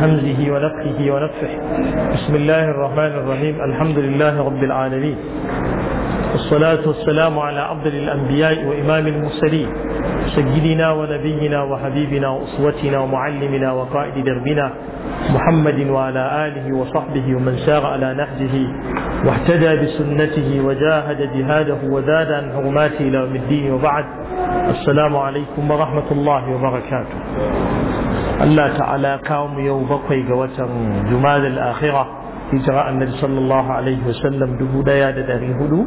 همزه ونفخه ونفخه بسم الله الرحمن الرحيم الحمد لله رب العالمين والصلاة والسلام على عبد الأنبياء وإمام المرسلين سيدنا ونبينا وحبيبنا وأسوتنا ومعلمنا وقائد دربنا محمد وعلى آله وصحبه ومن سار على نهجه واهتدى بسنته وجاهد جهاده وزاد عن حرماته إلى يوم الدين وبعد السلام عليكم ورحمة الله وبركاته Allah ta'ala kawo mu yau bakwai ga watan Jumadal akhira hijira annabi sallallahu alaihi sallam, dubu daya da dari hudu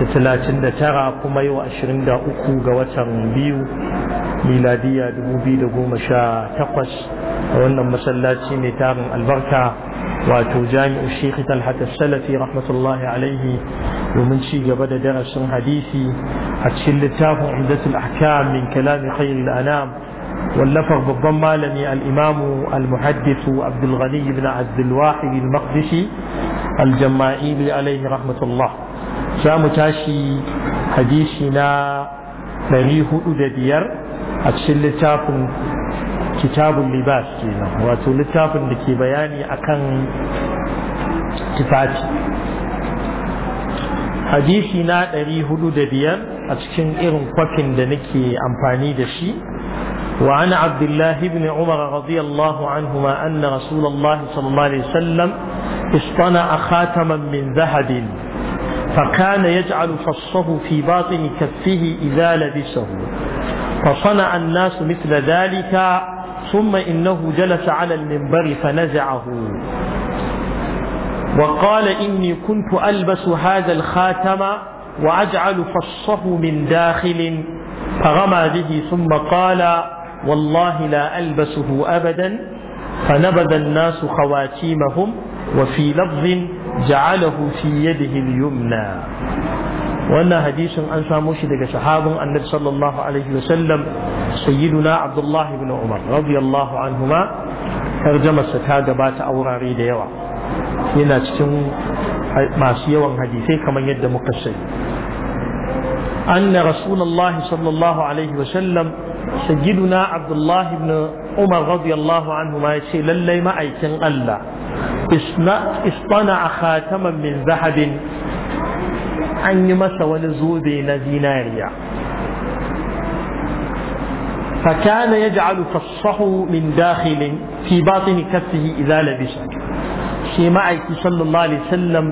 da talatin da tara kuma yau ashirin da uku ga watan biyu miladiya dubu biyu da goma sha takwas a wannan masallaci mai tarin albarka wato jami'u shekhi talhata salafi rahmatullahi alaihi domin ci gaba da darasin hadisi a cikin littafin indatul ahkam min kalami khairil anam واللفظ بالضم لني الإمام المحدث عبد الغني بن عبد الواحد المقدسي الجمائيلي عليه رحمة الله شام تاشي حديثنا تاريخ أدبير أتشل تافن كتاب اللباس واتو لتافن لكي بياني أكن تفاتي حديثنا تاريخ أدبير أتشن إرن قفن دنكي أمفاني دشي وعن عبد الله بن عمر رضي الله عنهما أن رسول الله صلى الله عليه وسلم اصطنع خاتما من ذهب فكان يجعل فصه في باطن كفه إذا لبسه فصنع الناس مثل ذلك ثم إنه جلس على المنبر فنزعه وقال إني كنت ألبس هذا الخاتم وأجعل فصه من داخل فغمى به ثم قال Wallahi والله لا ألبسه أبدا فنبذ الناس خواتيمهم وفي لفظ جعله في يده yumna. wannan hadisin an samo shi daga sahabin annabi sallallahu alaihi wasallam sayyiduna abdullahi ibn umar radiyallahu anhuma tarjamarsa ta gabata a wurare da yawa yana cikin masu yawan hadisai kamar yadda muka sani anna rasulullahi sallallahu alaihi wasallam sayyiduna abdullahi ibn umar radiyallahu anhu ma yace lallai ma'aikin Allah a khataman min zahabin an yi masa wani zobe na zinariya فكان يجعل فصه من داخل في باطن كفه إذا لبس شي معك صلى الله عليه وسلم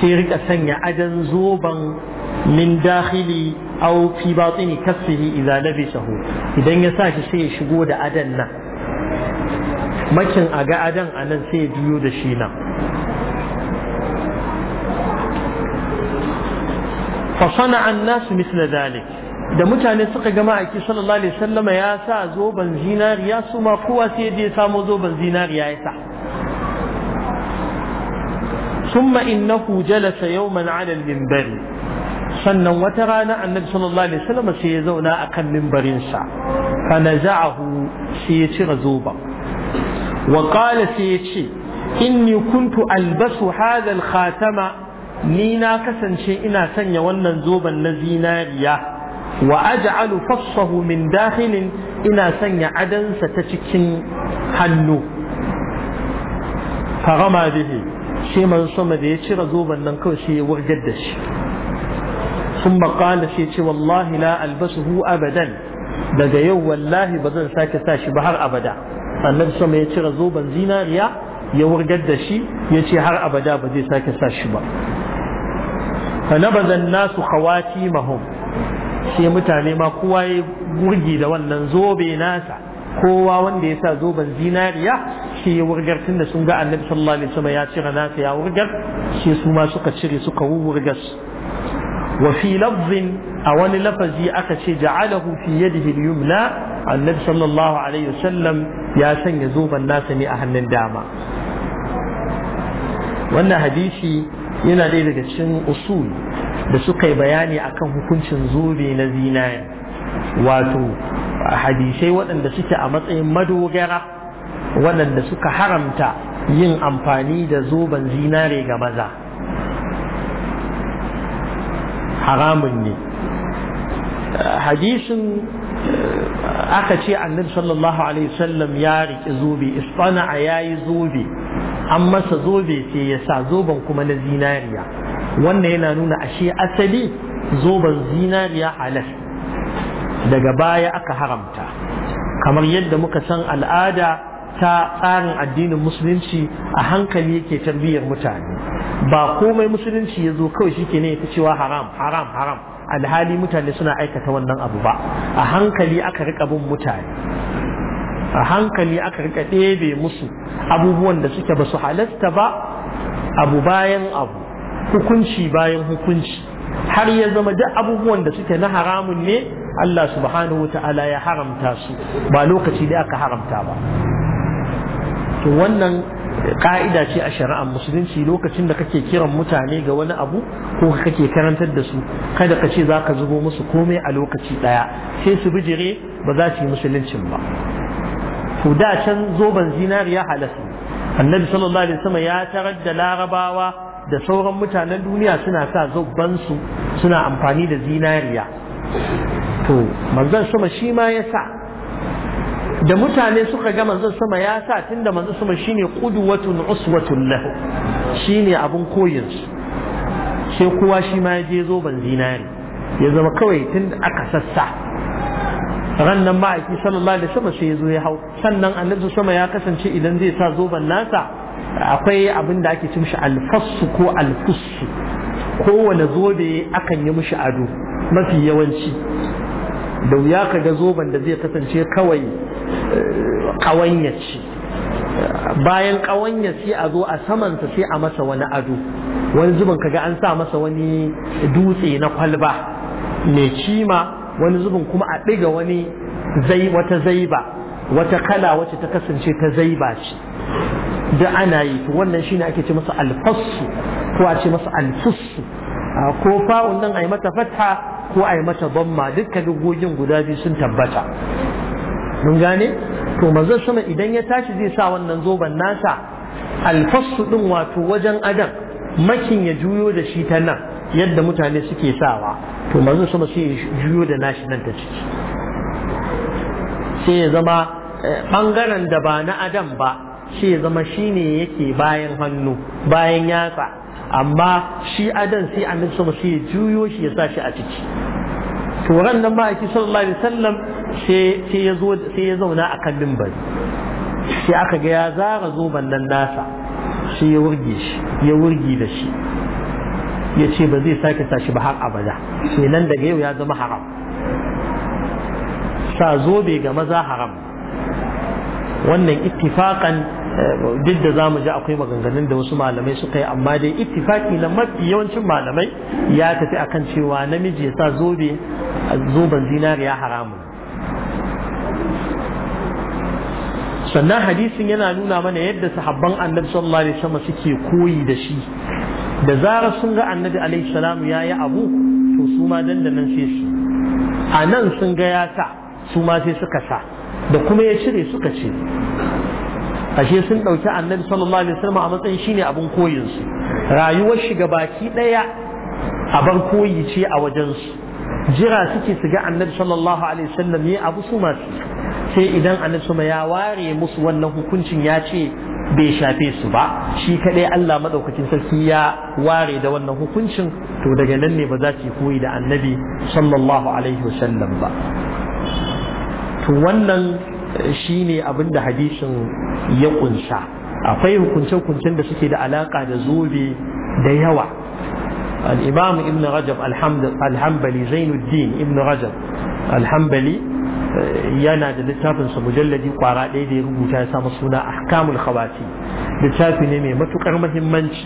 شي رك سنة أجن زوبا من داخل aw fi batini kasfihi idza labisahu idan ya sa shi sai ya shigo da adan nan makin a ga adan a nan sai ya biyo da shi nan fa sana'a an nasu mithla da mutane suka a ma'aiki sallallahu alaihi wasallama ya sa zoben zinariya su ma kowa sai ya samo zoben zinariya ya sa ثم إنه جلس يوما على المنبر sannan wata rana annabi sallallahu alaihi wasallam sai ya zauna akan mimbarinsa fa naza'ahu sai ya cire zoben. wa qala sai ya ce inni kuntu albasu hadha khatama ni na kasance ina sanya wannan zoban na zinariya wa aj'alu fassahu min dakhilin ina sanya adansa ta cikin hannu farama bihi shi man sama da ya cire zoban nan kawai sai ya wurgar da shi sun maƙala sai ce wallahi la hu abadan daga yau wallahi ba zan sake sa shi ba har abada annabi sama ya cire zoben zinariya ya wurgar da shi ya ce har abada ba zai sake sa shi ba fa bazan nasu khawatimahum sai mutane ma kowa ya gurgi da wannan zobe nasa kowa wanda ya sa zoben zinariya shi ya wurgar tunda sun ga annabi sallallahu alaihi wasallam ya cire nasa ya wurgar shi su ma suka cire suka wurgar su وفي لفظ أو لفظ أكشي جعله في يده اليمنى النبي صلى الله عليه وسلم يا سن يزوب الناس أهل الدامة wannan hadisi yana ɗaya daga cikin usul da suka yi bayani akan hukuncin zobe na zinari wato hadisai waɗanda suke a matsayin madogara waɗanda suka haramta yin amfani da zoben zinare ga maza haramun ne hadisin eh, aka ce annabi sallallahu alaihi wasallam ya riƙi zobe isfana a yayi zobe an masa zobe ce ya sa zoben kuma na zinariya wannan yana nuna ashe asali zoben zinariya alas. daga baya aka haramta kamar yadda muka san al'ada ta tsarin addinin musulunci a hankali yake tarbiyyar mutane ba komai musulunci ya zo kawai shike ne ta cewa haram haram haram alhali mutane suna aikata wannan abu ba a hankali aka rika bin mutane a hankali aka rika ɗebe musu abubuwan da suke ba su halasta ba abu bayan abu hukunci bayan hukunci har ya zama duk abubuwan da suke na haramun ne Allah subhanahu wa ta'ala ya haramta su ba lokaci da aka haramta ba to wannan ka'ida ce a shari'ar musulunci lokacin da kake kiran mutane ga wani abu ko kake karantar da su kada ka ce za ka zubo musu komai a lokaci ɗaya sai su bijire ba za su yi musuluncin ba to da can zoben zinariya halasta annabi sallallahu alaihi wasallam ya tarar da larabawa da sauran mutanen duniya suna sa zobban su suna amfani da zinariya to manzon sama shi ma ya sa da mutane suka ga manzon sama ya sa tunda manzon sama shine qudwatun uswatun lahu shine abun koyin su sai kowa shi ma ya je zo ban zinari ya zama kawai tun aka sassa Rannan nan aiki sallallahu alaihi wasallam sai ya zo ya hau sannan annabi sama ya kasance idan zai sa zoban nasa akwai abin da ake cimshi alfassu ko alfussu kowane zobe akan yi mishi ado mafi yawanci da wuya ka ga zoban da zai kasance kawai ƙawanya ce bayan ƙawanya sai a zo a samansa sai a masa wani ado wani zubin kaga an sa masa wani dutse na kwalba mai cima wani zubin kuma a ɗiga wani zai wata zaiba wata kala wacce ta kasance ta zaiba ce da ana yi to wannan shine ake ce masa alfassu ko a ce masa alfussu ko fa'un nan a yi mata fatha ko a yi mata bamma dukkan lugogin guda biyu sun tabbata mun gane to manzon sama idan ya tashi zai sa wannan zoben nasa alfasu din wato wajen adam makin ya juyo da shi ta nan yadda mutane suke sawa to manzon sama sai ya juyo da nashi nan ta ciki sai ya zama bangaren eh, da ba na adam ba sai ya zama shine yake bayan hannu bayan yatsa amma shi adam sai annabi sama sai ya juyo shi ya sa shi a ciki to ran nan ma'aiki sallallahu alaihi wasallam sai ya zauna a kan mimbar sai aka ga ya zara zoben nan nasa sai ya wurge shi ya wurgi da shi ya ce ba zai sake tashi ba har abada sai nan daga yau ya zama haram sa zobe ga maza haram wannan ittifakan eh, duk da za mu ji akwai maganganun da wasu malamai suka yi amma dai ittifaki na mafi yawancin malamai ya tafi akan cewa namiji ya sa zobe zoben zinariya haramun sannan hadisin yana nuna mana yadda sahabban annabi sallallahu alaihi wasallam suke koyi da shi da zarar sun ga annabi alaihi salam ya yi abu to su ma dandanan sai su a nan sun ga ya sa su ma sai suka sa da kuma ya cire suka ce ashe sun ɗauki annabi sallallahu alaihi wasallam a matsayin shine abin koyin su rayuwar shiga baki ɗaya a koyi ce a wajen su jira suke su ga annabi sallallahu alaihi wasallam ne abu su masu sai idan annabi ya ware musu wannan hukuncin ya ce bai shafe su ba shi kadai Allah madaukakin sarki ya ware da wannan hukuncin to daga nan ne ba za ki koyi da annabi sallallahu alaihi wasallam ba to wannan eh, shine abin da hadisin ya kunsa akwai hukunce-hukuncen da suke da alaka da zobe da yawa al-imam ibn rajab al-hanbali zainuddin ibn rajab al yana da littafinsa mujalladi kwara ɗaya da ya rubuta ya samu suna ahkamul khawati littafi ne mai matukar muhimmanci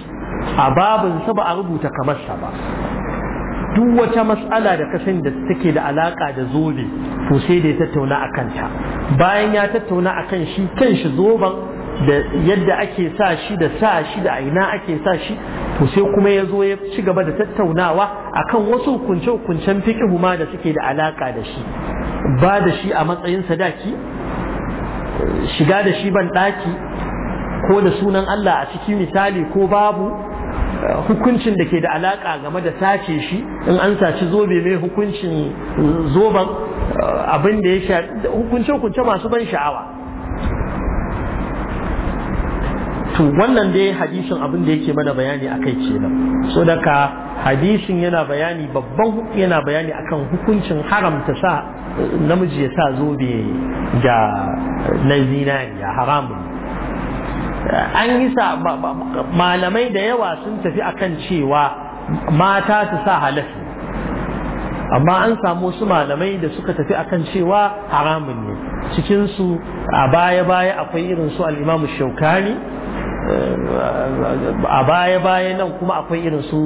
a babin sa ba a rubuta kamar sa ba duk wata mas'ala da kasan da take da alaka da zobe to sai da ya tattauna a kanta bayan ya tattauna a kan shi kan shi zoben da yadda ake sa shi da sa shi da aina ake sa shi to sai kuma ya zo ya ci gaba da tattaunawa akan wasu hukunce-hukuncen fiƙihu ma da suke da alaka da shi ba da shi a matsayin sadaki shiga da shi ban daki, ko da sunan Allah a ciki misali ko babu hukuncin da ke da alaƙa game da sace shi in an saci zobe mai hukuncin zoban abin da ya hukunce-hukunce masu ban sha'awa to wannan dai hadisin abin da yake mana bayani akai kenan so daga hadisin yana bayani babban yana bayani akan hukuncin haramta sa namiji ya sa zobe ga na zinariya haramun an yi sa malamai da yawa sun tafi akan cewa mata su sa halafi amma an samu su malamai da suka tafi akan cewa haramun ne cikinsu a baya-baya akwai irin su al'imamu shaukani a baya-baya nan kuma akwai irin su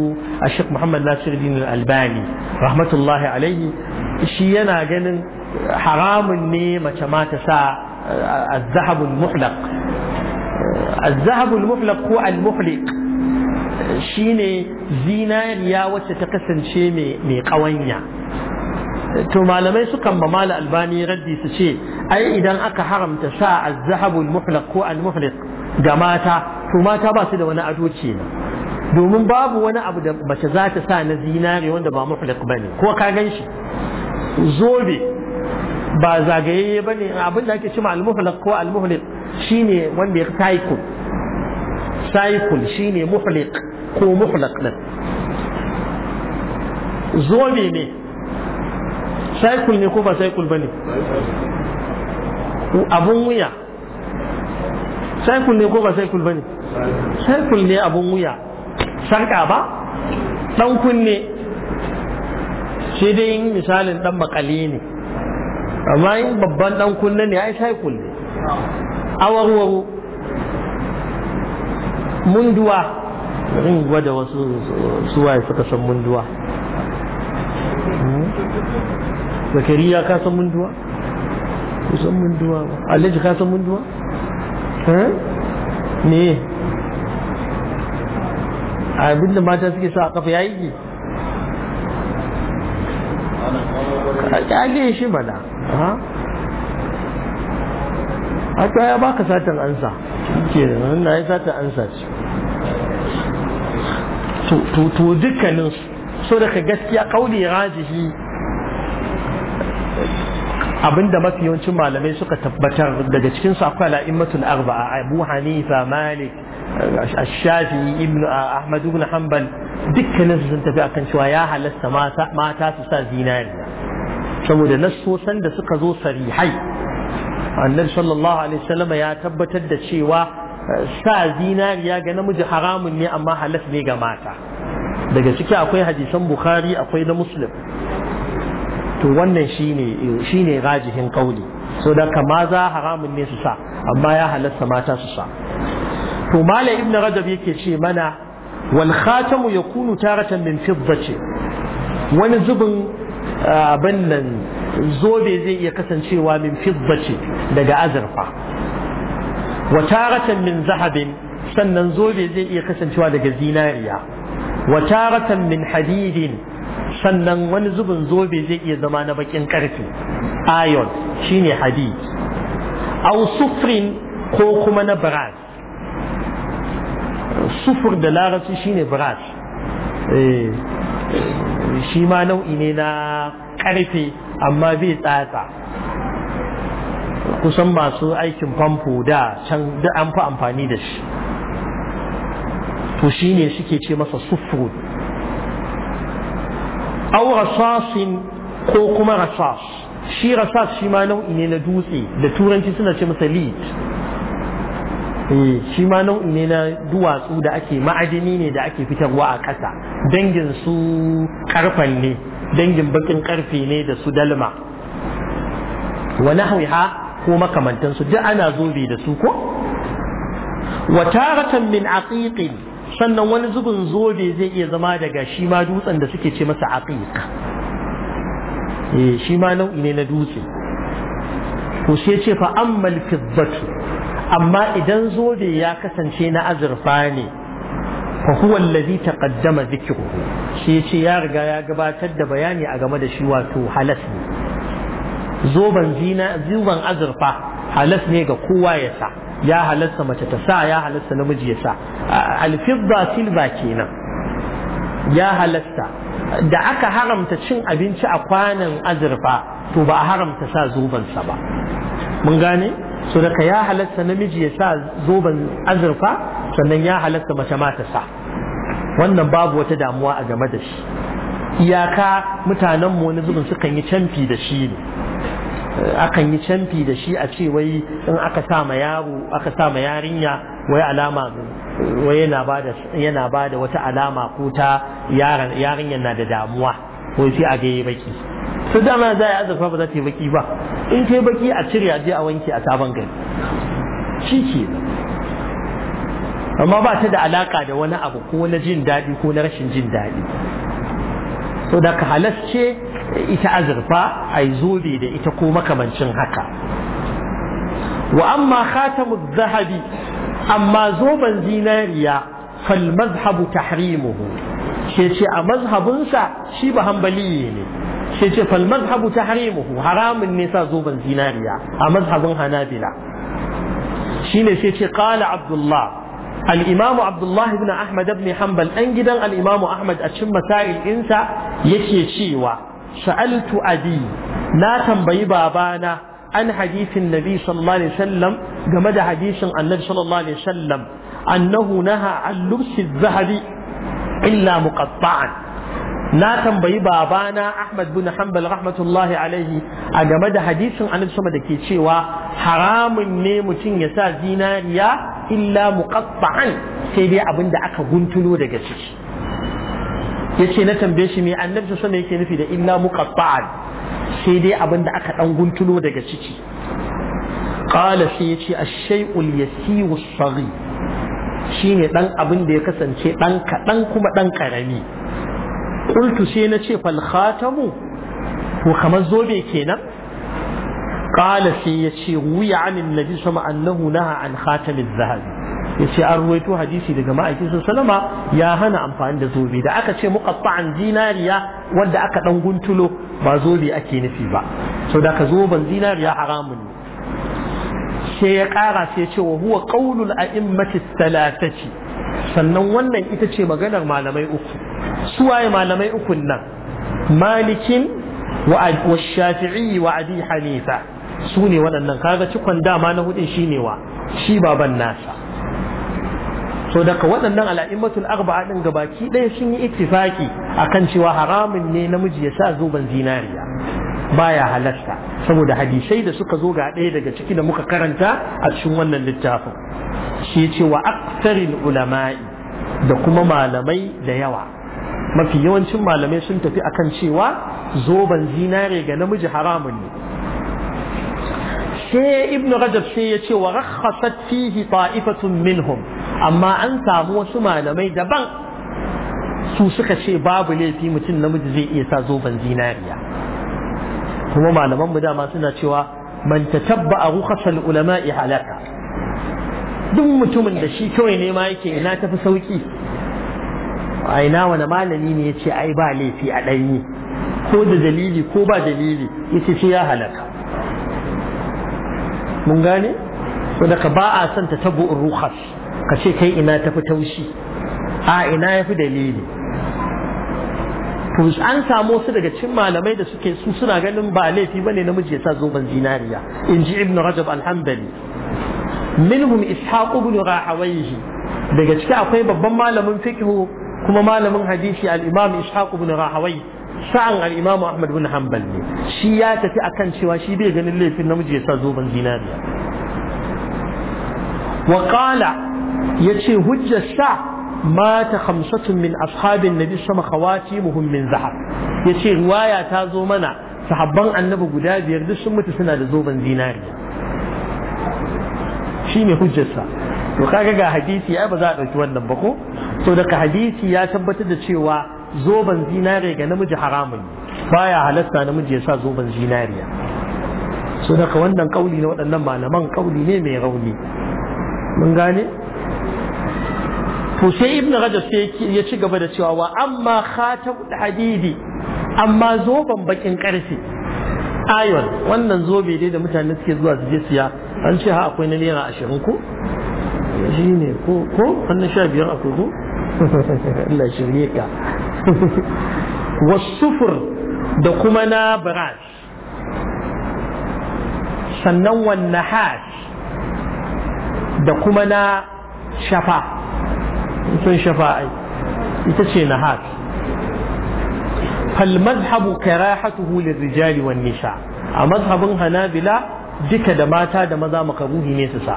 a Sheikh Muhammad Nasiruddin Al-Albani rahmatullahi alaihi shi yana ganin haramun ne mace ma ta sa eh, az-zahabul muhlaq az muhlaq ko al-muhliq shine zinariya wacce ta kasance mai ƙawanya to malamai sukan ma mala albani raddi su ce ai idan aka haramta sa az-zahabul muhlaq ko al-muhliq ga mata to mata ba su da wani ado kenan domin babu wani abu da mace za ta sa na zinare wanda ba muhliq bane ko ka gan shi zobe ba zagayayye bane abin da ake cewa al-muhliq ko al-muhliq shine wanda ya saikul. cycle shine muhlik ko muhliq din zobe ne Saikul ne ko ba cycle bane abun wuya saikul ne ko ba saikul bane saikul ne abun wuya sarka ba dan kunne shi dai misalin dan makali ne amma in babban dan kunne ne ai saikul ne awarwaro munduwa in gwada wasu suwaye suka san munduwa hmm? zakariya ka san munduwa Ku san munduwa ba alhaji ka san munduwa Eh? abin da mata suke sa a kafa yayi ki a kyale shi mana a ta ya baka satan ansa ke nan na ya satan ansa ce to dukkanin so daga gaskiya kauli rajihi abinda mafi yawancin malamai suka tabbatar daga cikin su akwai la'immatul arba'a Abu Hanifa Malik Ash-Shafi Ibn Ahmad ibn Hanbal dukkanin su sun tafi akan cewa ya halasta mata mata su sa zinariya saboda nassosan da suka zo sarihai annabi sallallahu alaihi wasallam ya tabbatar da cewa eh, sa zinariya ga namiji haramun ne amma halas ne ga mata daga ciki akwai hadisan Bukhari akwai na Muslim to wannan shine rajihin kauli so da kama za haramun ne su sa amma ya halatta mata su sa to malam ibnu rajab yake ce mana wal khatamu kunu taratan min ce. wani zubin abin nan zobe zai iya kasancewa min fiddati daga azurfa wa taratan min zahabin sannan zobe zai iya kasancewa daga zinariya wa taratan min hadidin sannan wani zubin zobe zai iya zama na bakin karfe iron shine hadid au sufrin ko kuma na brass sufur da shi shine brass eh, shi ma nau'i ne na karfe amma bai tsatsa kusan masu aikin famfo da can da an fi amfani da shi to shine suke ce masa sufuru aw rasasin ko kuma rasas shi rasas shi ma nau'i ne na dutse da turanci suna ce masa lead eh, shi ma nau'i ne na duwatsu da ake ma'ajini ne da ake fitarwa a ƙasa dangin su karfan ne dangin baƙin karfe ne da su dalma wa nahwiha ko makamantansu duk ana zobe da su ko wa taratan min aqiqin sannan wani zubin zobe zai iya zama daga shi ma dutsen da suke ce masa aqiq eh shi ma nau'i ne na dutse to sai ce fa ammal fiddatu amma idan zobe ya kasance na azurfa ne fa huwa allazi taqaddama dhikruhu shi ce ya riga ya gabatar da bayani a game da shi wato halas ne zoban zina zuban azurfa halas ne ga kowa ya sa ya mace ta sa ya halasta namiji ya sa alfidda silva kenan ya da aka haramta cin abinci a kwanan azurfa to ba a haramta sa sa ba mun gane so daga ya halasta namiji ya sa zoben azurfa sannan ya halasta mace ma ta sa wannan babu wata damuwa a game da shi iyaka mutanen mu wani zubin sukan yi canfi da shi ne akan yi canfi da shi a ce wai in aka sa ma yaro aka sa ma yarinya wai alama wai yana bada yana da wata alama ko ta yarinyar na da damuwa ko sai a ga yi baki su dama za a azurfa ba za ta yi baki ba in ta yi baki a cire a je a wanke a sabon gari shi ke amma ba ta da alaka da wani abu ko na jin daɗi ko na rashin jin daɗi so da ka halasce ita azurfa a yi zobe da ita ko makamancin haka wa amma khatamu zahabi amma zoben zinariya fal mazhabu tahrimuhu shi ce a mazhabinsa shi ba hambaliye ne shi ce fal mazhabu tahrimuhu haramun ne sa zoben zinariya a mazhabin hanabila shine sai ce kala abdullah الإمام عبد الله بن أحمد بن حنبل أنجدا الإمام أحمد أشم مسائل إنسا يكي شيوا سألت أبي لا تنبي بابانا عن حديث النبي صلى الله عليه وسلم جمد حديث عن النبي صلى الله عليه وسلم أنه نهى عن لبس الذهب إلا مقطعا na tambayi babana Ahmad bin Hanbal rahmatullahi alaihi a game da hadisin Annabi sama da ke cewa haramun ne mutum ya sa zinariya illa muqatta'an sai dai abin da aka guntulo daga ciki yace na tambaye shi me annabi sallallahu alaihi yake nufi da illa muqatta'an sai dai abin da aka dan guntulo daga ciki qala sai yace ash-shay'ul yasiru as shine dan abin da ya kasance dan kadan kuma dan karami qultu sai na ce fal khatamu Ko kamar zobe kenan qala sai yace wuya anin nabi sama annahu naha an khatamiz zahab yace an ruwaito hadisi daga ma'aikin sallama ya hana amfani da zobe da aka ce muqatta'an zinariya wanda aka dan guntulo ba zobe ake nufi ba so da ka zoben zinariya haramun ne sai ya kara sai ce wa huwa qaulul a'immati thalathati sannan wannan ita ce maganar malamai uku waye malamai ukun nan malikin wa shafi'i wa abi hanifa su ne waɗannan kaga cikon dama na hudun shi ne wa shi baban nasa so daga waɗannan al'a'immatul arba'a ɗin gabaki ɗaya sun yi ittifaki akan cewa haramun ne namiji ya sa zoben zinariya baya halasta saboda hadisai da suka zo ga ɗaya daga ciki da muka karanta a cikin wannan littafin shi ce wa aktarin ulama'i da kuma malamai da yawa mafi yawancin malamai sun tafi akan cewa zoben zinare ga namiji haramun ne sai ibnu rajab sai ya ce wa rakhasat fihi ta'ifatun minhum amma an samu wasu malamai daban su suka ce babu laifi mutum namiji zai iya sa zoben zinariya kuma malaman mu dama suna cewa man tatabba rukhasal ulama'i halaka duk mutumin da shi kawai nema yake ina tafi sauki a ina wani malami ne ya ce ai ba laifi a ɗanyi ko da dalili ko ba dalili yace ce ya halaka mun gane so ka ba a son ta tabo ruhas ka ce kai ina tafi taushi a ina fi dalili an samu su daga cikin malamai da suke su suna ganin ba laifi bane namiji ya sa zoben zinariya in ji ibnu rajab alhambali minhum ishaq ibn rahawayhi daga ciki akwai babban malamin fiqh kuma malamin hadisi al-imam ishaq ibn rahawayhi sa'an al'imamu Ahmad bin Hanbal ne shi ya tafi akan cewa shi bai ganin laifin namiji ya sa zoben zinariya wa ya yace hujjar sa mata hamsatun min ashabin nabi sama muhimmin min zahab yace riwaya ta zo mana sahabban annabi guda biyar duk sun mutu suna da zoben zinariya shine hujjar sa to kaga ga hadisi ai ba za a ɗauki wannan ba ko to daga hadisi ya tabbatar da cewa zoben zinare ga namiji haramun baya halasta namiji ya sa zoben zinariya so daga wannan kauli na waɗannan malaman kauli ne mai rauni mun gane to sai ibn rajab sai ya ci gaba da cewa wa amma da hadidi amma zoben bakin karfe ayon wannan zobe dai da mutane suke zuwa su je siya an ce ha akwai na naira ashirin ko shi ne ko ko wannan sha biyar akwai ko Allah shirye ka wasufur da kuma na barash sannan wanne hash da kuma na shafa sun shafa ai ita ce na فالمذهب كراحته للرجال والنساء a mazhabin hanabila duka da mata da maza makaruhi ne su sa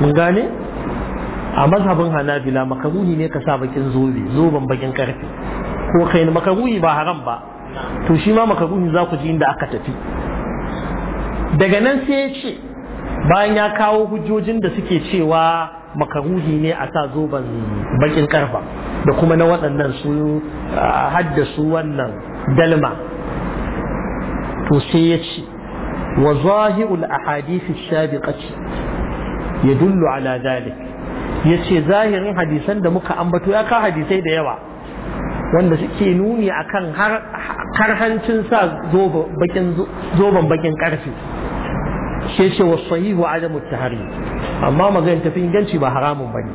mun gane a mazhabin hanabila makaruhi ne ka sa bakin zobe zoben bakin karfe ko kai makaruhi ba haram ba to shi ma makaruhi za ku ji inda aka tafi daga nan sai ya ce bayan ya kawo hujjojin da suke cewa makaruhi ne a sa zoben bakin karfa da kuma na waɗannan su haddasu wannan dalma to sai ya ce wa zahirul ahadith السابقة يدل على ذلك ya ce zahirin hadisan da muka ambato ya ka hadisai da yawa wanda suke nuni a kan karhancin sa zoben bakin karfe shi ce wa sahihu adamu hari. amma maganin tafi inganci ba haramun ba ne.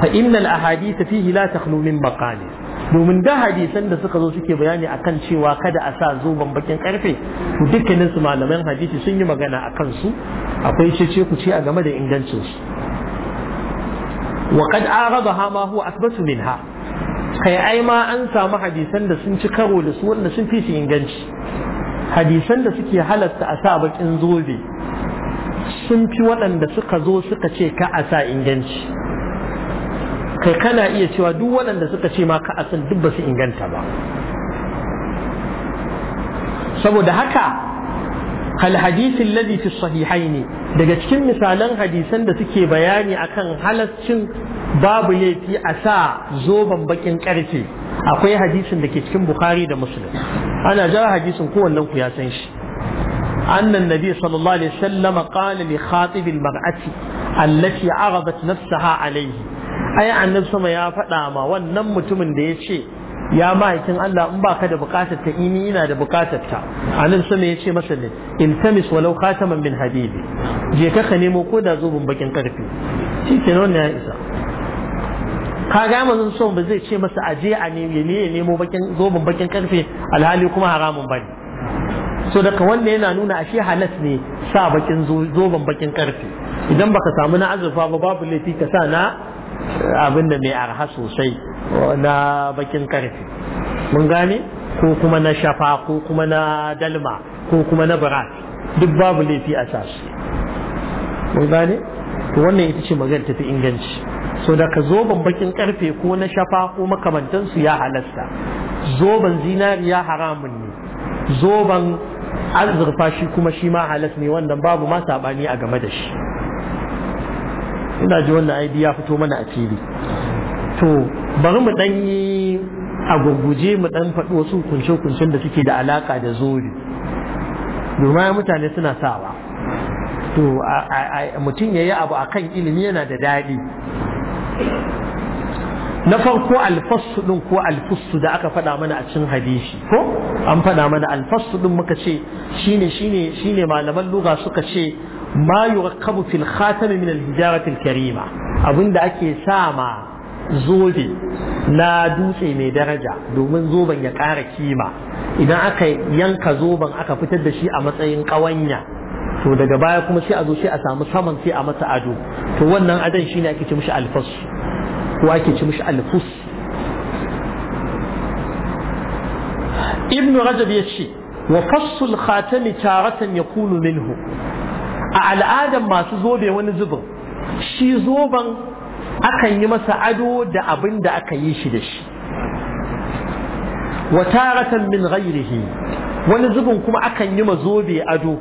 fa innal ahadith fihi la takhlu min baqali domin da hadisan da suka zo suke bayani akan cewa kada a sa zoben bakin karfe to dukkanin malaman hadisi sun yi magana akan su akwai ce-ce ku ce a game da ingancin wa Araba aradaha ma huwa asbatu minha kai ai ma an samu hadisan da sun ci karo da su wanda sun fi su inganci hadisan da suke halatta a sa bakin zobe sun fi waɗanda suka zo suka ce ka a sa inganci kai kana iya cewa duk waɗanda suka ce ma ka a san duk ba su inganta ba saboda haka الحديث الذي في ne daga cikin misalan hadisan da suke bayani akan halaccin babu yafi a sa zoben baƙin ƙarfe akwai hadisin da ke cikin bukhari da muslim ana jira hadisin kowannen ku ya san shi annan nabi sallallahu alaihi wasallam qala li khatib al mar'ati allati aghadat nafsaha alayhi ai annabi sama ya fada ma wannan mutumin da ya ce ya mahaikin Allah in baka da bukatar ta ini ina da bukatar ta anan sama ya ce masa ne in tamis walau khataman min habibi je ka ka nemo ko da zubin bakin karfi shi ke nan ya isa ka ga manzon son ba zai ce masa aje a ne ya nemo bakin zubin bakin karfi alhali kuma haramun bane so daga wanda yana nuna ashe halas ne sa bakin zoben bakin karfe idan baka samu na azurfa ba babu laifi ka sa na abinda mai arha sosai na bakin karfe mun gane ko kuma na shafa ko kuma na dalma ko kuma na bara duk babu laifi a sasu mun gane to wannan ita ce magana tafi inganci so da ka zoben bakin karfe ko na shafa ko makamantansu ya halasta zoben ya haramun ne zoben azurfa shi kuma shi ma halas ne wannan babu ma sabani a game da shi ina ji wannan aidi ya fito mana a fili to bari mu dan yi agugguje mu dan faɗi wasu kunce-kuncen da suke da alaka da zobe domin mutane suna sawa to mutum ya yi abu a kan ilimi yana da daɗi na farko alfassu ɗin ko alfassu da aka faɗa mana a cikin hadisi ko an faɗa mana alfassu ɗin muka ce shine shine shine malaman luga suka ce ma yurakkabu fil khatami min al karima abinda ake sama zobe na dutse mai daraja domin zoben ya ƙara kima idan aka yanka zoben aka fitar da shi a matsayin ƙawanya to daga baya kuma sai a zo sai a samu saman sai a masa ado to wannan adon shi ne ake ci mishi alfas ko ake ci mishi alfus ibn rajab ya ce wa fassul khatami taratan yakunu minhu a al'adan masu zobe wani zubin shi zoben akan yi masa ado da abin da aka yi shi da shi wataratan min ghairihi wani zubin kuma akan yi mazobe ado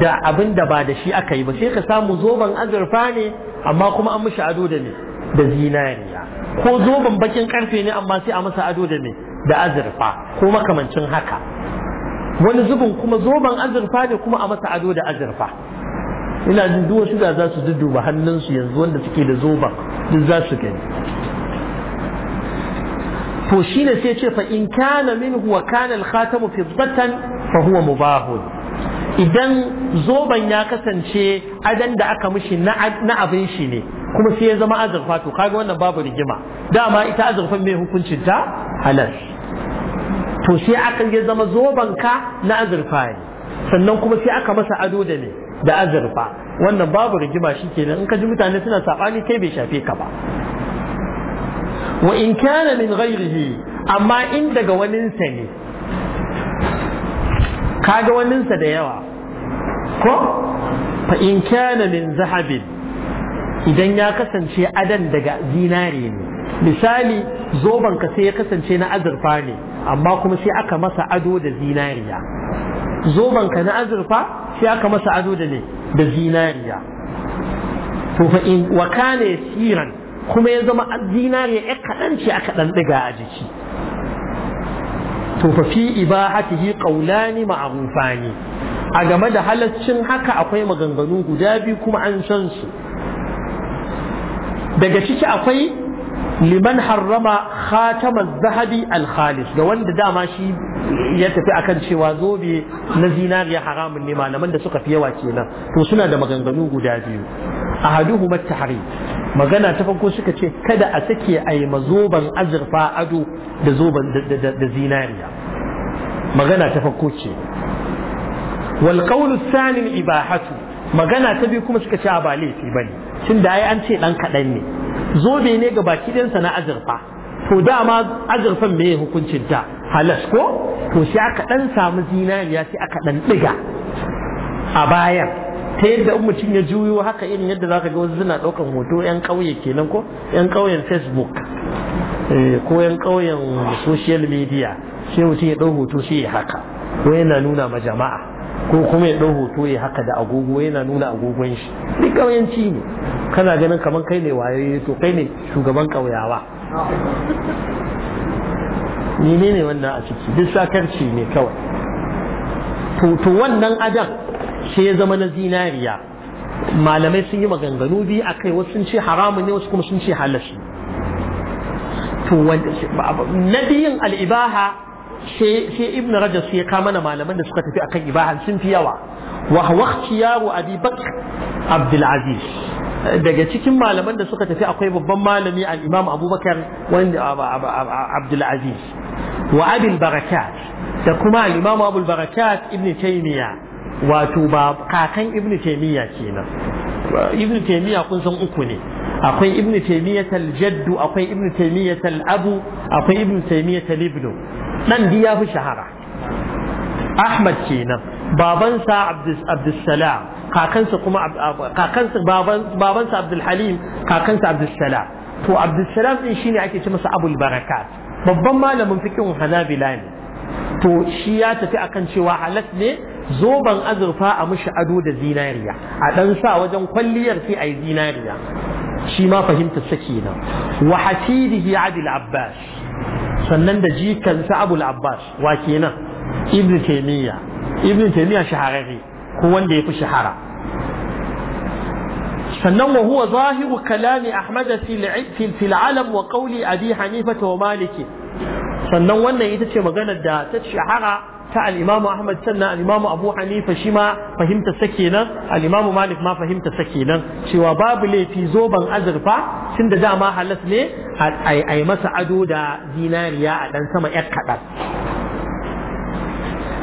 da abin da ba da shi aka yi ba sai ka samu zoben azurfa ne amma kuma an mishi ado da ne da zinariya ko zoben bakin karfe ne amma sai a masa ado da ne da azurfa ko makamancin haka wani zubin kuma zoben azurfa ne kuma a masa ado da azurfa ina jin duk wasu da za su dudduba hannunsu yanzu wanda suke da zoba duk za su gani to shine sai ce fa in kana minhu wa kana al-khatamu fiddatan fa huwa mubahun idan zoban ya kasance adan da aka mishi na abin shi ne kuma sai ya zama azurfa to kaga wannan babu rigima dama ita azurfan mai hukuncin ta halal to sai aka ya zama zoban ka na azurfa ne sannan kuma sai aka masa ado da ne da azurfa wannan babu rigima shi kenan in ka ji mutane suna saɓani kai bai shafe ka ba wa in kana min ghairihi amma in daga waninsa ne Ka kaga waninsa da yawa ko fa in kana min zahabin idan ya kasance adan daga zinare ne misali ka sai ya kasance na azurfa ne amma kuma sai aka masa ado da zinariya ka na azurfa sai aka masa ado da ne da zinariya to fa in wa kana yasiran kuma ya zama zinariya ya kadan ce aka dan diga a jiki to fa fi ibahatihi qawlani ma'rufani a game da halaccin haka akwai maganganu guda biyu kuma an san su daga ciki akwai liman harrama khatamaz zahabi al ga wanda dama shi ya tafi akan cewa zobe na zinariya haramun ne malaman da suka fi yawa kenan to suna da maganganu guda biyu ahaduhuma tahrim magana ta farko suka ce kada a sake aima zoben mazoban azurfa ado da zoban da zinariya magana ta farko ce wal qawlu ibahatu magana ta biyu kuma suka ce a ba laifi bane tunda ai an ce dan kadan ne zobe ne ga baki ɗansa na azurfa to dama azurfan me hukuncin ta halas ko to sai aka dan samu zinariya sai aka dan diga a bayan ta yadda in mutum ya juyo haka irin yadda za ka ga wasu suna daukan hoto yan kauye kenan ko yan kauyen facebook eh, ko yan kauyen social media sai mutum ya dau hoto sai ya haka ko yana nuna ma jama'a ko kuma ya ɗau hoto ya haka da agogo yana nuna agogon shi duk ƙauyanci ne kana ganin kamar kai ne wayoyi to kai ne shugaban ƙauyawa Ni ne wannan a ciki duk sakarci ne kawai to wannan adan sai ya zama na zinariya malamai sun yi maganganu biyu a kai wasu sun ce haramun ne wasu kuma sun ce halashi to na biyin al'ibaha sai ibn rajab ya kama na malaman da suka tafi akan ibahan sun fi yawa wa waqti yaro abi bakr abdul aziz daga cikin malaman da suka tafi akwai babban malami al-imam abubakar wanda abdul aziz wa abil barakat da kuma al-imam abul barakat ibn taymiya wato ba kakan ibn taymiya kenan ibn taymiya kun san uku ne akwai ibn taymiya al-jaddu akwai ibn taymiya al-abu akwai ibn taymiya al-ibnu Ɗan diya fi shahara Ahmad kenan babansa Abdulsalam kakansa kuma kakansa babansa Abdulhalim kakansa Abdulsalam to Abdulsalam din shine ake ce masa Abul Barakat babban malamin fikin Hanabila ne to shi ya tafi akan cewa halat ne zoban azurfa a mushi ado da zinariya a dan sa wajen kwalliyar sai ayi zinariya shi ma fahimta sa kenan wa hasidihi Adil Abbas sannan da jikansa abul abbas wa kenan ibn taymiya ibn taymiya shahararre ko wanda ya fi shahara sannan wa huwa zahiru kalami ahmad fi fil alam wa qawli abi hanifa wa maliki sannan wannan ita ce maganar da ta shahara ta al'imamu Ahmad sannan al'imamu Abu Hanifa shi ma fahimta sa kenan al'imamu Malik ma fahimta sa kenan cewa babu laifi zoban azurfa tun da dama halas ne a yi masa ado da zinariya a dan sama yar kaɗan.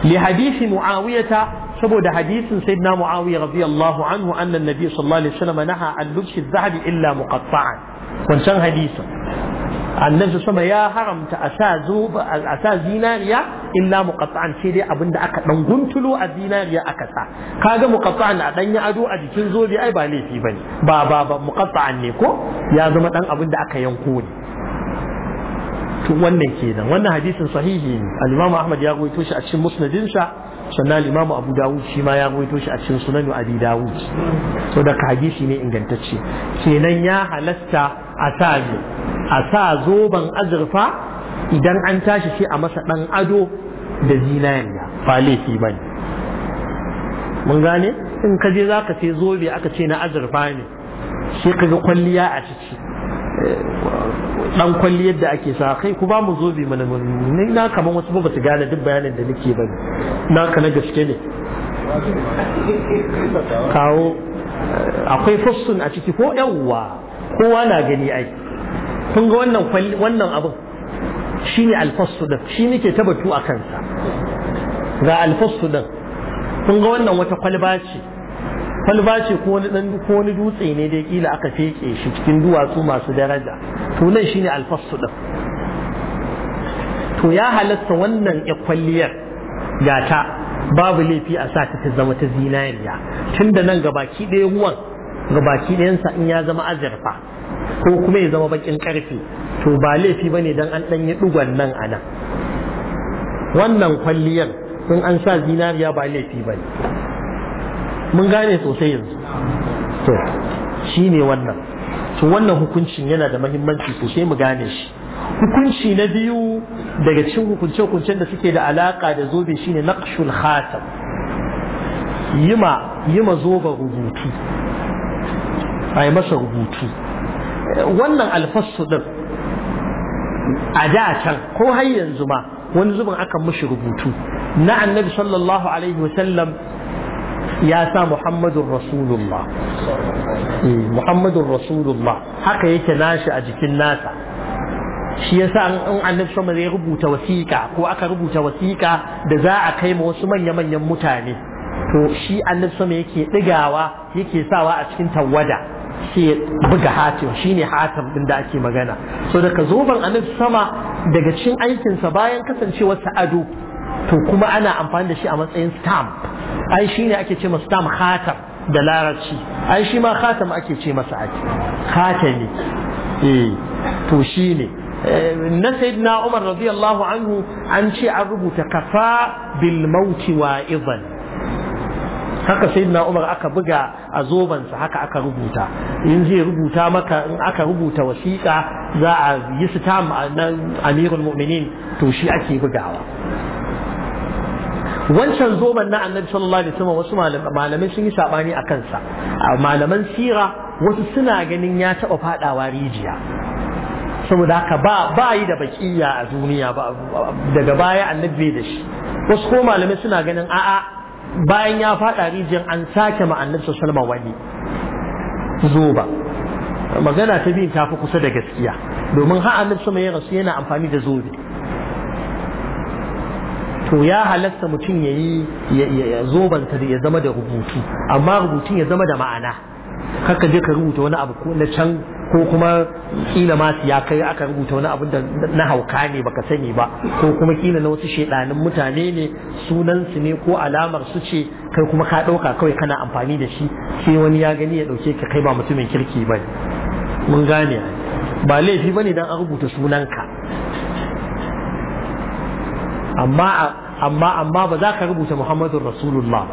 li hadisi muawiyata saboda hadisin sai na mu'awiya radiyallahu anhu annan nabi sallallahu alaihi wasallam naha an lubshi zahabi illa muqatta'an wancan hadisin annabi sama ya haramta a sa zuba a sa zinariya illa muqatta'an sai dai abinda aka dan guntulo a zinariya aka sa kaga muqatta'an a dan ya ado a jikin zobe ai ba laifi bane ba ba ba muqatta'an ne ko ya zama dan abinda aka yanko ne to wannan kenan wannan hadisin sahihi ne al-Imam Ahmad ya goyito shi a cikin musnadinsa sannan limamu abu dawud shi ma ya rawaito shi a cikin sunan abi dawud so da shi ne ingantacce kenan ya halatta a sa a sa zoban azurfa idan an tashi shi a masa dan ado da zinariya ba laifi ba ne mun gane in ka za ka sai zobe aka ce na azurfa ne sai ka ga kwalliya a ciki dan kwalli yadda ake sa kai ku ba mu zobe mana ne na kaman wasu ba su gane duk bayanin da nake na ka na gaske ne kawo akwai fassun a ciki ko yawwa kowa na gani ai kun ga wannan wannan abin shine alfassu da shi nake tabbatu a kansa ga alfassu da kun ga wannan wata kwalba ce kwalba ce ko wani dan ko dutse ne da kila aka feke shi cikin duwatsu masu daraja to nan shine alfasu din to ya halatta wannan kwalliyar ta babu laifi a sa ta zama ta zinariya tunda nan gabaki ɗaya ruwan gabaki ɗayansa in ya zama azurfa ko kuma ya zama bakin karfe to ba laifi bane dan an yi ɗugon nan a nan wannan kwalliyar in an sa zinariya ba laifi bane mun gane sosai yanzu to shi ne wannan to wannan hukuncin yana da mahimmanci sosai mu gane shi hukunci na biyu daga cikin hukunce-hukuncen da suke da alaka da zobe shine naqshul khatam yima yima zoba rubutu a yi masa rubutu wannan alfasu din a da can ko har yanzu ma wani zubin akan mashi rubutu na annabi sallallahu alaihi wasallam ya sa muhammadun rasulullah muhammadun rasulullah haka yake nashi a jikin nasa shi sa an annabi sama zai rubuta wasiƙa ko aka rubuta wasiƙa da za a kai ma wasu manya-manyan mutane to shi annabi sama yake ɗigawa yake sawa a cikin tawada sai ya buga hatim shine hatim ɗin da ake magana so daga zoben annabi sama daga cikin aikinsa bayan kasancewarsa ado to kuma ana amfani da shi a matsayin stamp ai ne ake ce masa tam khatam da larabci ai shi ma khatam ake ce masa ake khatami eh to ne eh, na sayyidina Umar radiyallahu anhu an ce an rubuta kafa bil mauti wa idan haka sayyidina Umar aka buga a zobansa haka aka rubuta in zai rubuta maka in aka rubuta wasiƙa za a yi sitam a nan amirul mu'minin to shi ake bugawa wancan zoben na annabi sallallahu alaihi wasallam wasu malamai sun yi sabani a kansa malaman sira wasu suna ganin ya taba fadawa rijiya saboda haka ba ba yi da bakiya a duniya ba daga baya annabi da shi wasu ko malamai suna ganin a'a bayan ya fada rijiyar an sake ma annabi sallallahu alaihi wani zoba magana ta biyu ta fi kusa da gaskiya domin har annabi sallallahu ya rasu yana amfani da zobe to ya halatta mutum ya yi ya zobanta da ya zama da rubutu amma rubutun ya zama da ma'ana haka je ka rubuta wani abu na can ko kuma kila ma ya kai aka rubuta wani abu na hauka ne baka sani ba ko kuma kila na wasu shedanin mutane ne sunan su ne ko alamar su ce kai kuma ka dauka kawai kana amfani da shi sai wani ya gani ya dauke ka kai ba mutumin kirki ba mun gane ba laifi bane dan an rubuta sunan ka. amma amma amma ba za ka rubuta Muhammadun Rasulullah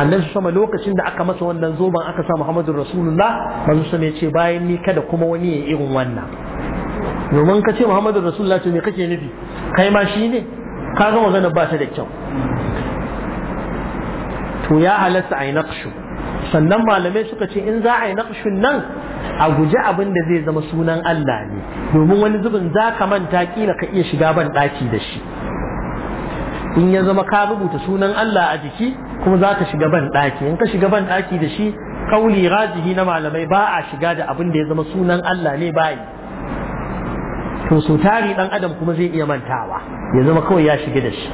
annan sama lokacin da aka masa wannan zoben aka sa Muhammadun Rasulullah manzo sama ya ce bayan ni kada kuma wani ya irin wannan domin ka ce Muhammadun Rasulullah to me kake nufi kai ma shi ne ka ga maganar ba ta da kyau to ya halatta a naqshu sannan malamai suka ce in za a yi naqshun nan a guji abin da zai zama sunan Allah ne domin wani zubin za ka manta kila ka iya shiga ban ɗaki da shi in ya zama ka rubuta sunan Allah a jiki kuma za ka shiga ban ɗaki in ka shiga ban ɗaki da shi kauli rajihi na malamai ba a shiga da abin da ya zama sunan Allah ne bayi to so tari dan adam kuma zai iya mantawa ya zama kawai ya shiga da shi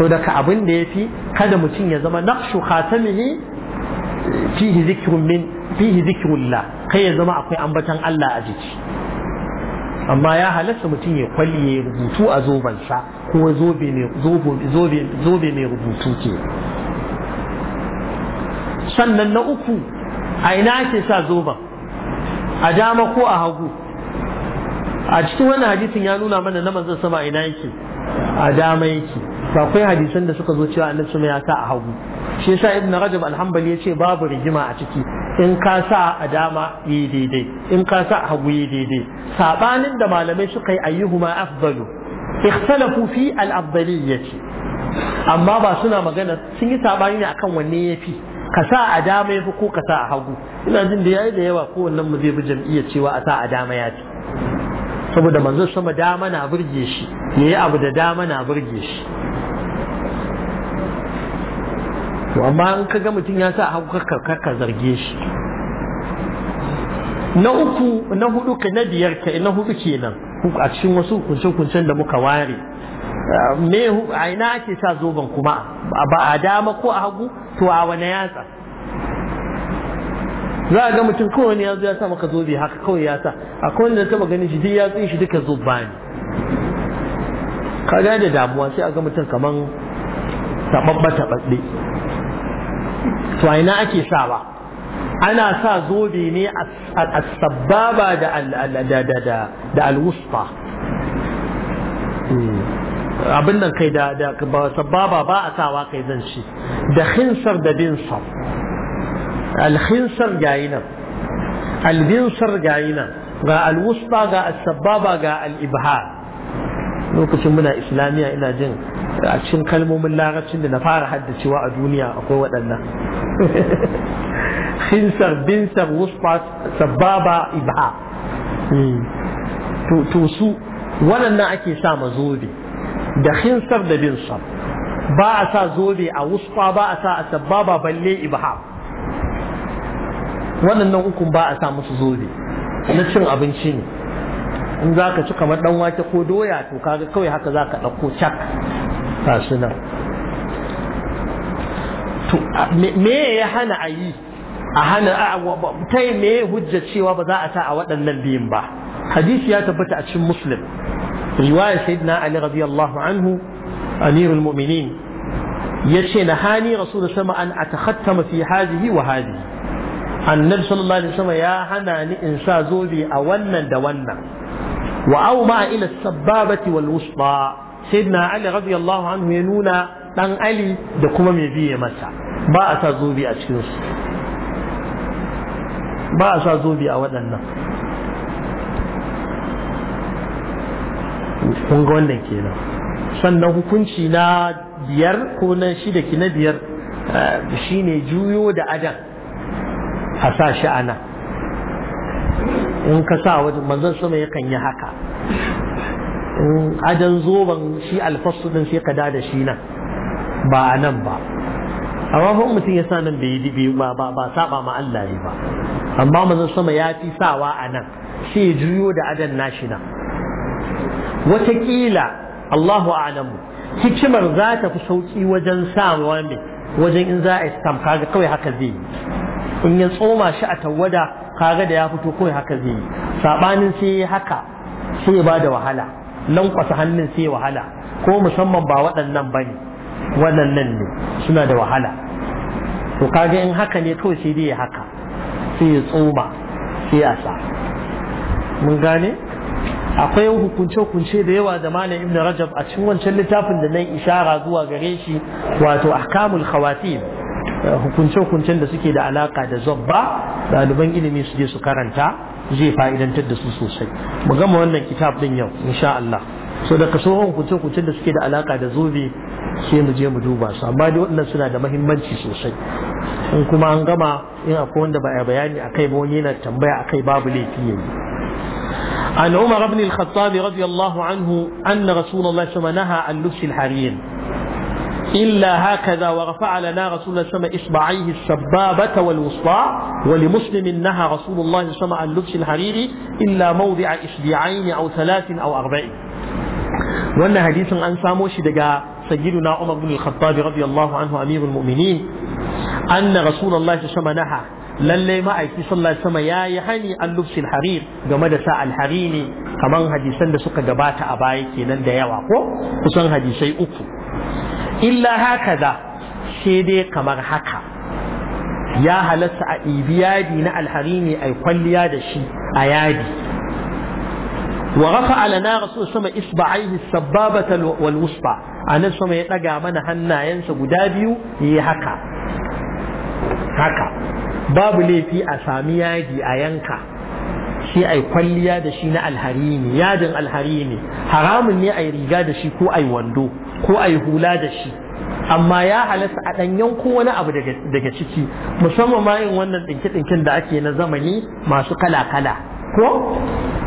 so daga abin da yafi kada mutum ya zama naqshu khatamihi fihi zikrun min fihi zikrullah kai ya zama akwai ambatan Allah a jiki amma ya halatta mutum ya kwalli ya rubutu a zobensa ko zobe mai rubutu ke sannan na uku a ina ake sa zoben a dama ko a hagu a cikin wannan hadisin ya nuna mana na manzon sama ina yake a dama yake ba akwai hadisan da suka zo cewa annabi sama ya sa a hagu shi yasa ibn rajab alhambali ya yace babu rigima a ciki in ka sa a dama yi daidai in ka sa a hagu yi daidai sabanin da malamai suka yi ayyuhuma afdalu ikhtalafu fi al-afdaliyyati amma ba suna magana sun yi sabani ne akan wanne yafi ka sa a dama yafi ko ka sa a hagu ina jin da yayi da yawa ko wannan mu zai bi jam'iyya cewa a sa a dama yafi saboda manzo sama dama na burge shi yayi abu da dama na burge shi to amma in ka ga mutum ya sa hagu ka zarge shi na uku na hudu ka na biyar ka na hudu kenan a cikin wasu kunce-kuncen da muka ware me a ina ake sa zoben kuma ba a dama ko a hagu to a wani yatsa za a ga mutum kawai wani yanzu ya sa maka zobe haka kawai ya sa a kowane da taba ganin shi duk ya tsin shi duka zoba ne ka da damuwa sai a ga mutum kamar taɓaɓɓa taɓaɓɓe to a ina ake sawa ana sa zobe ne a sababa da alwusfa hmm. abin nan kai da sababa ba a sawa kai zan ci da khinsar da binsar. alkhinsar gayi albinsar gayi ga alwusfa ga sababa ga al'ibhar lokacin muna islamiyya ina jin a cikin kalmomin larabcin da na fara haddacewa a duniya akwai waɗannan Hinsar, binsar wuspa, sababa iba hmm. to su waɗannan ake sa ma zobe da hinsar da binsar ba a sa zobe a wuspa ba a sa a sababa balle iba waɗannan ukun ba a sa musu zobe na cin abinci ne in za ka ci kamar ɗan wake ko doya to kaga kawai haka za ka ɗauko cak sa to me ya hana a yi a hana ta yi me hujja cewa ba za a sa a waɗannan biyun ba hadisi ya tabbata a cikin muslim riwayar sayyidina ali radiyallahu anhu amirul mu'minin yace na hani rasul sama an atakhattama fi hadhihi wa hadhihi annabi sallallahu alaihi wasallam ya hana ni in sa zobe a wannan da wannan wa au ma ila sababati wal wusta sayyidina ali radiyallahu anhu ya nuna dan ali da kuma mai biye masa ba a sa zobe a cikin su ba a sa zobe a waɗannan kun ga wannan kenan sannan hukunci na biyar ko na shida ki na biyar eh, shine juyo da adan a sa shi ana in ka sa wajen manzon sama yakan yi haka adan zoban shi alfasu ɗin sai ka da da shi nan ba a nan ba amma fa mutum ya sa nan bai yi ba ba ba saba ma Allah ne ba amma manzon sama ya fi sawa a nan sai juyo da adan nashi nan wataƙila Allahu a'lamu hikimar za ta fi sauƙi wajen sa mai wajen in za a istam kaga kawai haka zai yi in ya tsoma shi a tawada kaga da ya fito kawai haka zai yi sabanin sai haka sai ba da wahala lankwasa hannun sai wahala ko musamman ba waɗannan bane waɗannan ne suna da wahala to kaga in haka ne kawai sai dai haka sai ya tsoma sai a sa mun gane akwai hukunce-hukunce da yawa da malam ibn rajab a cikin wancan littafin da na ishara zuwa gare shi wato ahkamul khawatim hukunce-hukuncen da suke da alaka da zobba ɗaliban ilimi su je su karanta zai fa'idantar da su sosai mu gama wannan kitab din yau insha Allah so da kaso hukunce-hukuncen da suke da alaka da zobe sai mu je mu duba su amma dai waɗannan suna da mahimmanci sosai in kuma an gama in akwai wanda ba bayani akai ba wani yana tambaya akai babu laifi yayi عن عمر بن الخطاب رضي الله عنه أن رسول الله صلى الله عليه وسلم نهى عن لبس الحرير إلا هكذا ورفع لنا رسول الله صلى إصبعيه السبابة والوسطى ولمسلم نهى رسول الله صلى الله عليه وسلم عن لبس إلا موضع إصبعين أو ثلاث أو أربعين wannan hadisin an samo shi daga sayyiduna Umar bin Al-Khattab radiyallahu anhu amirul mu'minin anna rasulullahi sallallahu naha lallai ma'aiki sallallahu alaihi wasallam yayi hani an lubsil harir game da sa alharini kaman hadisan da suka gabata a baya kenan da yawa ko kusan hadisai uku illa hakaza sai dai kamar haka ya halatta a ɗibi yadi na alharini a kwalliya da shi a yadi wa rafa alana rasu sama isba sabbabata wal wusba a nan sama ya ɗaga mana hannayensa guda biyu yi haka haka babu laifi a sami yadi a yanka sai ai kwalliya da shi na alharini yadin ne haramun ne ai riga da shi ko ai wando ko ai hula da shi amma ya halasta a ɗan yanko wani abu daga ciki musamman ma in wannan ɗinke-ɗinken da ake na zamani masu kala-kala ko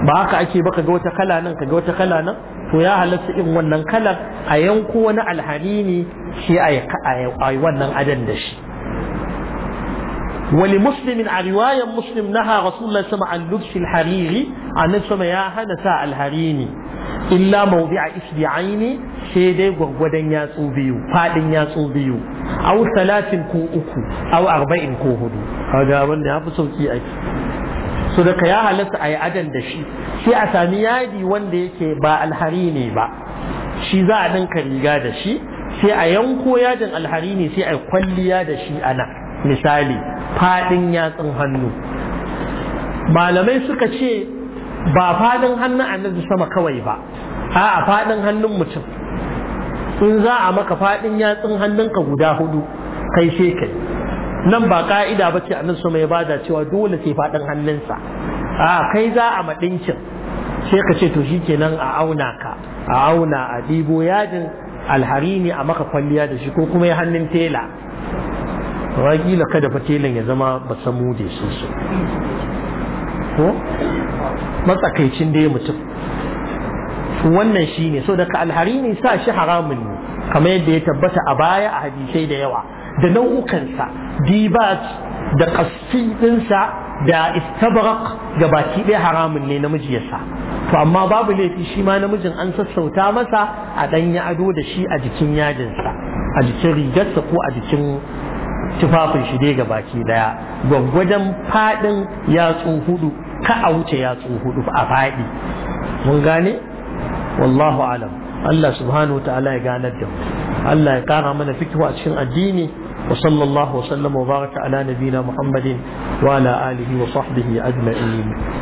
ba haka ake ba ga wata kala nan ga wata kala nan to ya halasta in wannan kalar a yanko wani alhari ne shi a yi wannan adan da shi ولمسلم على رواية مسلم نهى رسول الله صلى الله عليه وسلم عن لبس الحرير عن نسمى يا هنساء الحريني إلا موضع إصبعين سيدي وغدن ياسو بيو فادن ياسو بيو أو ثلاث كو أكو أو أربع كو هدو هذا وانا أبسو كي أي so daga ya halatta a yi adan da shi sai a sami yadi wanda yake ba alhari ne ba shi za a ɗinka riga da shi sai a yanko yadin alhari ne sai a kwalliya da shi ana misali faɗin yatsun hannu malamai suka ce ba faɗin hannun annabi sama kawai ba a faɗin hannun mutum in za a maka faɗin yatsun hannunka guda hudu kai she kai nan ba ka'ida ba ce annabi sama ya bada cewa dole sai faɗin hannunsa a kai za a maɗinkin sai ka ce to shikenan a auna ka a auna a ɗibo yajin alharini a maka kwalliya da shi ko kuma ya hannun tela wakila kada fatelan ya zama ba samu da su su ko matsakaicin da ya mutum wannan shi ne so daga alhari ne sa shi haramun ne kamar yadda ya tabbata a baya a hadisai da yawa da nau'ukansa dibat da kasfi ɗinsa da istabarak ga baki ɗaya haramun ne namiji ya sa to amma babu laifi shi ma namijin an sassauta masa a ɗan ya ado da shi a jikin yajinsa a jikin rigarsa ko a jikin tufafin shi dai gabaki daya gwaggwajen fadin yatsu hudu ka a wuce yatsu hudu a fadi mun gane wallahu alam Allah subhanahu wa ta'ala ya ganar da Allah ya kara mana fikihu a cikin addini wa sallallahu wa sallama wa baraka ala nabina Muhammadin wa ala alihi wa sahbihi ajma'in